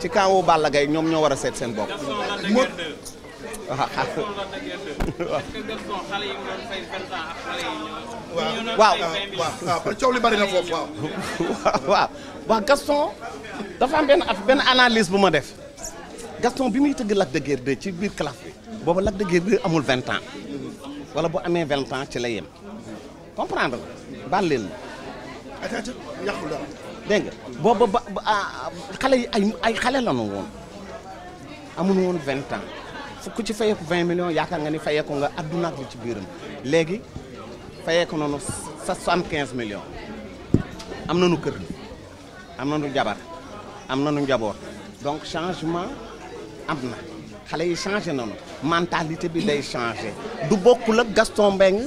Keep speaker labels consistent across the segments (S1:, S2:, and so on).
S1: ci kaawu Balla Gaye ñoom ñoo war a seet seen bopp. mo waaw waaw bari na foofu waaw. Gaston dafa am benn af benn analyse bu ma def Gaston bi muy tëgg Lac de Guiers ci biir classe bi. boobu Lac de Guiers amul vingt ans. wala bu amee vingt ans ci la yem. comprendre baal leen dégg nga booba ba ah, xale yi ay ay xale lanu woon amul woon vingt ans fukk ci fayeeku vingt millions yaakaar nga ni fayeeku nga addunaak li ci biiram léegi fayeeku noonu soixante quinze millions am na nu kër am na nanu jabar am na nu njaboot donc changement am na xale yi changé nanu mentalité bi day changé du bokkul ak Gaston Mbengue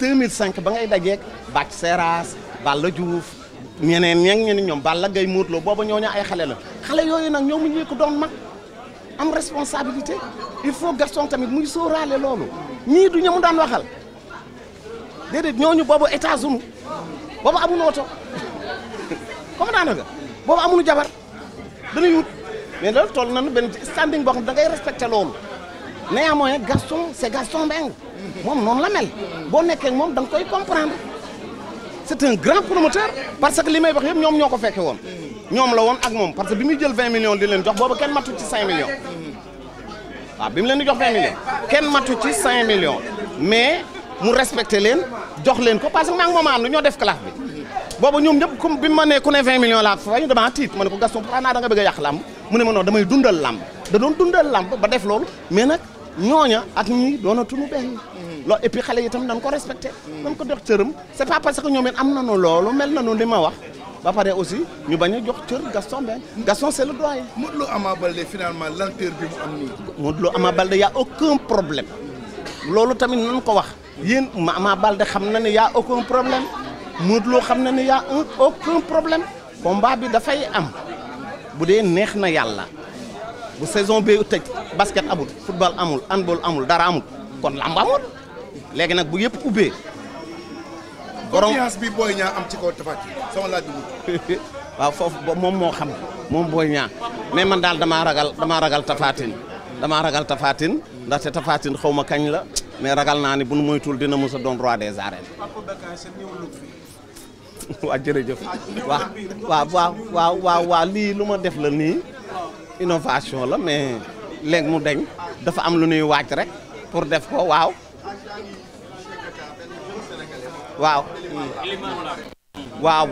S1: 2005 ba ngay dajeeg Bac Seras Balla Diouf ñeneen ñeeng ñeneen ñoom Balla gay muut Lo booba ñooñu ay xale la xale yooyu nag ñoom ñu ko doon mag am responsabilité il faut Gaston tamit muy sóoraale loolu ñii du ñamu daan waxal déedéet ñooñu boobu États-Unis boobu amuñu oto comme daanaka boobu amuñu jabar dañuy wut mais loolu nan nañu benn standing boo xam da ngay respecté loolu ne néanmoins Gaston c'est Gaston Mbengue moom noonu la mel boo nekkee moom da nga koy comprendre. c'est un grand promoteur parce que li may wax yëpp ñoom ñoo ko fekke woon ñoom la woon ak moom parce que bi muy jël 20 di leen jox boobu kenn matu ci 5 mais mu respecté leen jox leen ko parce que maag moom ànd ñoo def classe bi boobu ñoom ñëpp comme bi ma ne ku ne 20 millions laa fay dama tiit ma ne ko Gaston xanaa da nga bëgg a yàq làmb mu ne ma non damay dundal làmb da doon dundal làmb ba def loolu mais nag ñooña ak ñii doona tunu loolu et puis xale yi tam nañ ko respecté. nañ ko jox cëram c' est pas parce que ñoom it am nañu loolu mel nañu li ma wax ba pare aussi ñu bañ a jox cër Gaston Mbengue Gaston c' est le doyen. Modou Lo Ama Baldé finalement lenteur bi mu am nii. Modou Lo problème loolu tamit nañ ko wax yéen ma Ama xam na ne yaa a aucun problème Modou Lo xam na ne yaa a un aucun problème combat bi dafay am bu dee neex na yàlla. bu saison bi tëj basket amul football amul handball amul dara amul kon làmb léegi nag bu yëpp ubbee. borom bi Boy Niang am ci kaw Tapha Tine waaw foofu moom moo xam moom booy Niang mais man daal damaa ragal damaa ragal Tapha damaa ragal tafaatin Tine ndaxte Tapha Tine xaw ma kañ la mais ragal naa ni bu nu moytuwul dina mos a doon roi des arènes. waa jërëjëf ah, waaw waaw waaw waaw lii lu ma def la nii innovation la mais léegi mu deñ dafa am lu ñuy waaj rek pour def ko waaw waaw waaw